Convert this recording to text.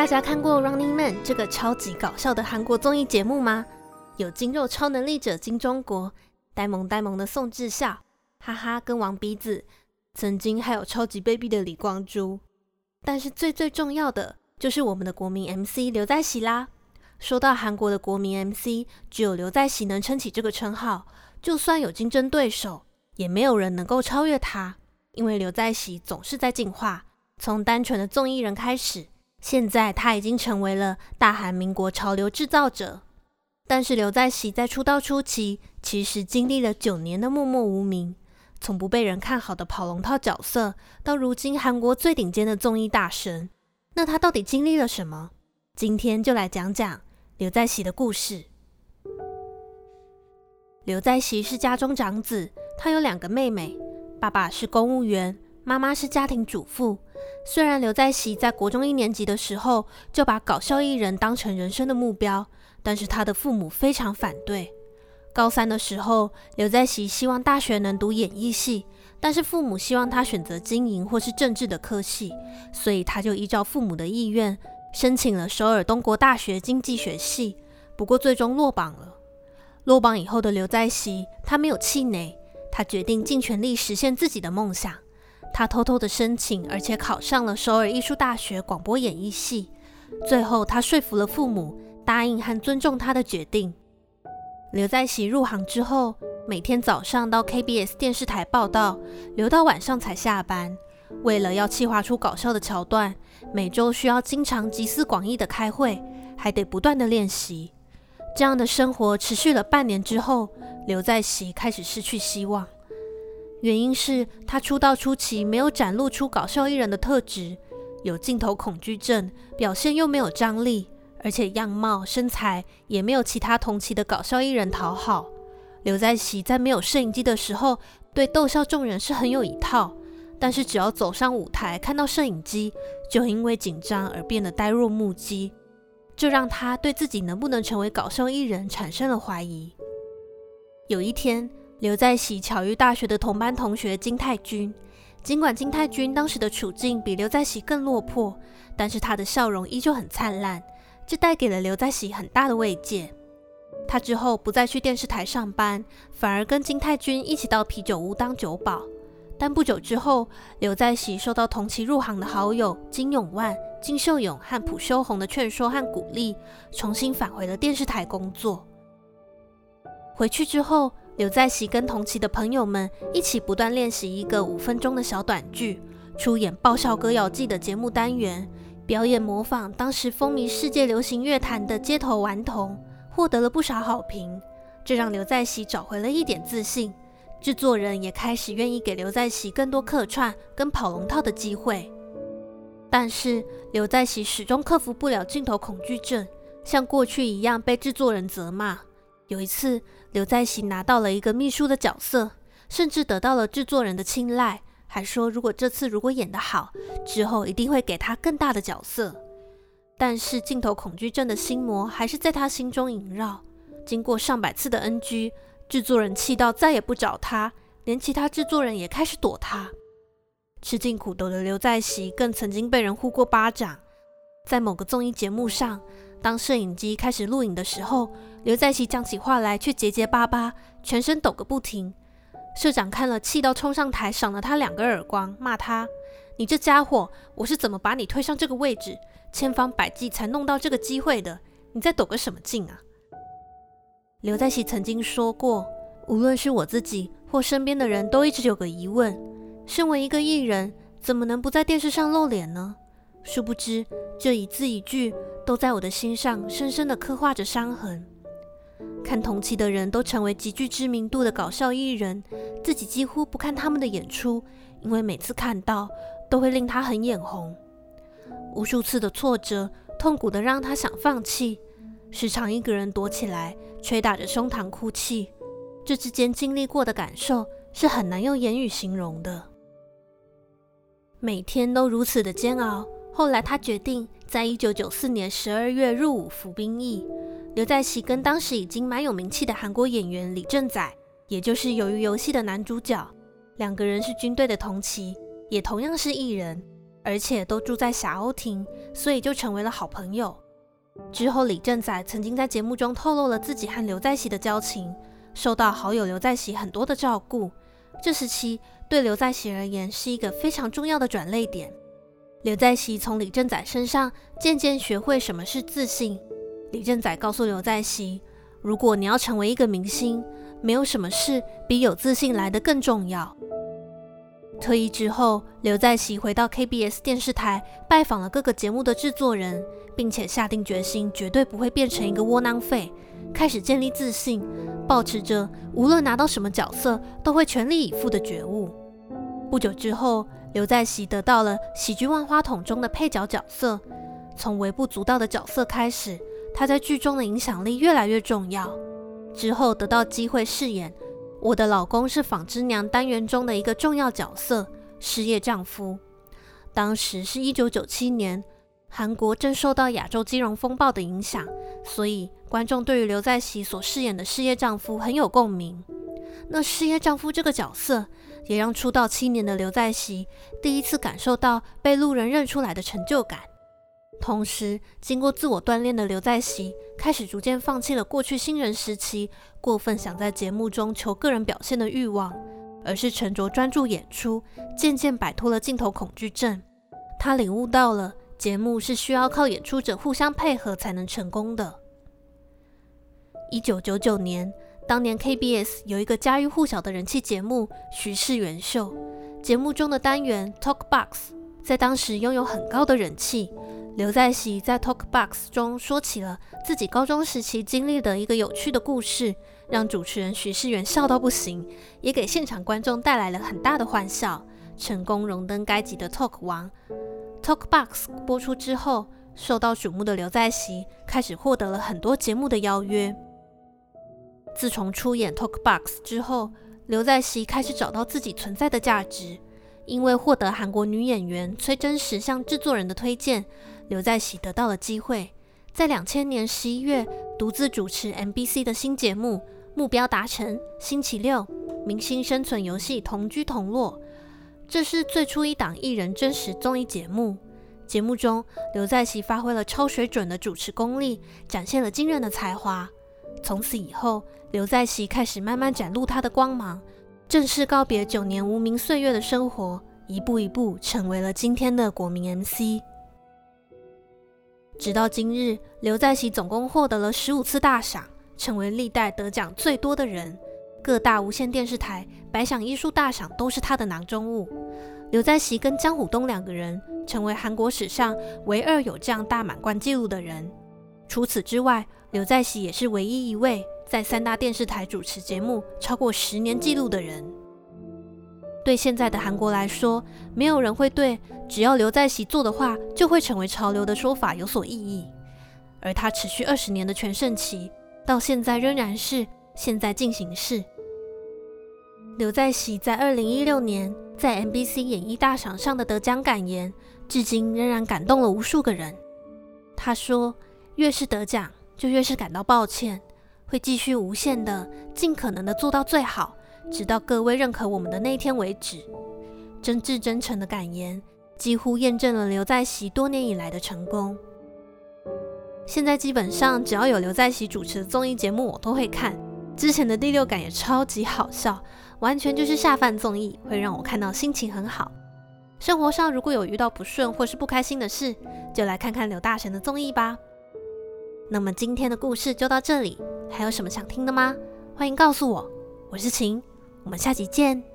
大家看過《Running Man》這個超級搞笑的韓國綜藝節目嗎？有肌肉超能力者金鍾國，呆萌呆萌的宋智孝，哈哈跟王鼻子，曾經還有超級卑鄙的李光洙。但是最最重要的就是我們的國民 MC 劉在錫啦！說到韓國的國民 MC，只有劉在錫能撐起這個稱號，就算有競爭對手，也沒有人能夠超越他，因為劉在錫總是在進化，從單純的綜藝人開始。現在他已經成為了大韓民國潮流制造者，但是劉在錫在出道初期其實經歷了九年的默默無名，從不被人看好的跑龍套角色，到如今韓國最頂尖的綜藝大神，那他到底經歷了什麼？今天就來講講劉在錫的故事。劉在錫是家中長子，他有兩個妹妹，爸爸是公務員，媽媽是家庭主婦。雖然劉在錫在國中一年級的時候就把搞笑藝人當成人生的目標，但是他的父母非常反對。高三的時候，劉在錫希望大學能讀演藝系，但是父母希望他選擇經營或是政治的科系，所以他就依照父母的意願，申請了首爾東國大學經濟學系。不過最終落榜了。落榜以後的劉在錫，他沒有氣餒，他決定盡全力實現自己的夢想。他偷偷的申請，而且考上了首爾藝術大學廣播演藝系。最後，他說服了父母，答應和尊重他的決定。劉在錫入行之後，每天早上到 KBS 電視台報到，留到晚上才下班。為了要企劃出搞笑的橋段，每周需要經常集思廣益的開會，還得不斷的練習。這樣的生活持續了半年之後，劉在錫開始失去希望。原因是他出道初期沒有展露出搞笑藝人的特質，有鏡頭恐懼症，表現又沒有張力，而且樣貌、身材也沒有其他同期的搞笑藝人討好。劉在錫在沒有攝影機的時候對逗笑眾人是很有一套，但是只要走上舞台看到攝影機，就因為緊張而變得呆若木雞，這讓他對自己能不能成為搞笑藝人產生了懷疑。有一天。劉在錫巧遇大學的同班同學金泰君，儘管金泰君當時的處境比劉在錫更落魄，但是他的笑容依舊很燦爛，這帶給了劉在錫很大的慰藉。他之後不再去電視台上班，反而跟金泰君一起到啤酒屋當酒保。但不久之後，劉在錫受到同期入行的好友金永萬、金秀勇和朴修紅的勸說和鼓勵，重新返回了電視台工作。回去之後。劉在錫跟同期的朋友們一起不斷練習一個五分鐘的小短劇，出演《爆笑歌謠記》的節目單元，表演模仿當時風靡世界流行樂壇的街頭頑童，獲得了不少好評。這讓劉在錫找回了一點自信，制作人也開始願意給劉在錫更多客串跟跑龍套的機會。但是劉在錫始終克服不了鏡頭恐懼症，像過去一樣被制作人責罵。有一次，劉在錫拿到了一個秘書的角色，甚至得到了製作人的青睞，還說如果這次如果演得好，之後一定會給他更大的角色。但是鏡頭恐懼症的心魔還是在他心中縈繞。經過上百次的 NG，製作人氣到再也不找他，連其他製作人也開始躲他。吃盡苦頭的劉在錫更曾經被人呼過巴掌，在某個綜藝節目上。當攝影機開始錄影的時候，劉在錫講起話來卻結結巴巴，全身抖個不停。社長看了，氣到衝上台，賞了他兩個耳光，罵他：“你這傢伙，我是怎麼把你推上這個位置？千方百計才弄到這個機會的，你在抖個什麼勁啊？”劉在錫曾經說過：“無論是我自己或身邊的人都一直有個疑問，身為一個藝人，怎麼能不在電視上露臉呢？”殊不知，這一字一句都在我的心上深深的刻畫着傷痕。看同期的人都成為極具知名度的搞笑藝人，自己幾乎不看他們的演出，因為每次看到都會令他很眼紅。無數次的挫折，痛苦的讓他想放棄，時常一個人躲起來，捶打着胸膛哭泣。這之間經歷過的感受是很難用言語形容的。每天都如此的煎熬。後來，他決定在1994年12月入伍服兵役。劉在錫跟當時已經蠻有名氣的韓國演員李政宰，也就是《魷魚遊戲》的男主角，兩個人是軍隊的同期，也同樣是藝人，而且都住在狎鷗亭，所以就成為了好朋友。之後，李政宰曾經在節目中透露了自己和劉在錫的交情，受到好友劉在錫很多的照顧。這時期對劉在錫而言是一個非常重要的轉捩點。劉在錫從李正宰身上漸漸學會什麼是自信。李正宰告訴劉在錫：“如果你要成為一個明星，沒有什麼事比有自信來得更重要。”退役之後，劉在錫回到 KBS 電視台，拜訪了各個節目的制作人，並且下定決心絕對不會變成一個窩囊廢，開始建立自信，保持着無論拿到什麼角色都會全力以赴的覺悟。不久之後，劉在錫得到了喜劇萬花筒中的配角角色，從微不足道的角色開始，他在劇中的影響力越來越重要。之後得到機會飾演《我的老公是紡織娘》單元中的一個重要角色——失業丈夫。當時是一九九七年，韓國正受到亞洲金融風暴的影響，所以觀眾對於劉在錫所飾演的失業丈夫很有共鳴。那失業丈夫這個角色，也讓出道七年的劉在錫第一次感受到被路人認出來的成就感。同時，經過自我鍛鍊的劉在錫，開始逐漸放棄了過去新人時期過分想在節目中求個人表現的欲望，而是沉着專注演出，漸漸擺脫了鏡頭恐懼症。他領悟到了節目是需要靠演出者互相配合才能成功的。一九九九年。當年 KBS 有一個家喻戶曉的人氣節目《徐世元秀》，節目中的單元 Talk Box 在當時擁有很高的人氣。劉在錫在 Talk Box 中說起了自己高中時期經歷的一個有趣的故事，讓主持人徐世元笑到不行，也給現場觀眾帶來了很大的歡笑，成功榮登該集的 Talk 王。Talk Box 播出之後，受到矚目的劉在錫開始獲得了很多節目的邀約。自從出演《Talk Box》之後，劉在錫開始找到自己存在的價值。因為獲得韓國女演員崔真實向制作人的推薦，劉在錫得到了機會，在兩千年十一月獨自主持 MBC 的新節目《目標達成星期六：明星生存遊戲同居同樂》，這是最初一檔藝人真實綜藝節目。節目中，劉在錫發揮了超水準的主持功力，展現了驚人的才華。從此以後，劉在錫開始慢慢展露他的光芒，正式告別九年無名歲月的生活，一步一步成為了今天的國民 MC。直到今日，劉在錫總共獲得了十五次大賞，成為歷代得獎最多的人。各大無線電視台、百想藝術大賞都是他的囊中物。劉在錫跟姜虎東兩個人成為韓國史上唯二有這樣大滿貫記錄的人。除此之外，劉在錫也是唯一一位在三大電視台主持節目超過十年記錄的人。對現在的韓國來說，沒有人會對“只要劉在錫做的話，就會成為潮流”的說法有所異議。而他持續二十年的全盛期，到現在仍然是現在進行式。劉在錫在二零一六年在 MBC 演藝大賞上的得獎感言，至今仍然感動了無數個人。他說：“越是得獎。”就越是感到抱歉，會繼續無限的、盡可能的做到最好，直到各位認可我們的那一天為止。真摯真誠的感言，幾乎驗證了劉在錫多年以來的成功。現在基本上只要有劉在錫主持的綜藝節目，我都會看。之前的《第六感》也超級好笑，完全就是下飯綜藝，會讓我看到心情很好。生活上如果有遇到不順或是不開心的事，就來看看劉大神的綜藝吧。那麼今天的故事就到這裡，還有什麼想聽的嗎？歡迎告訴我，我是晴，我們下期見。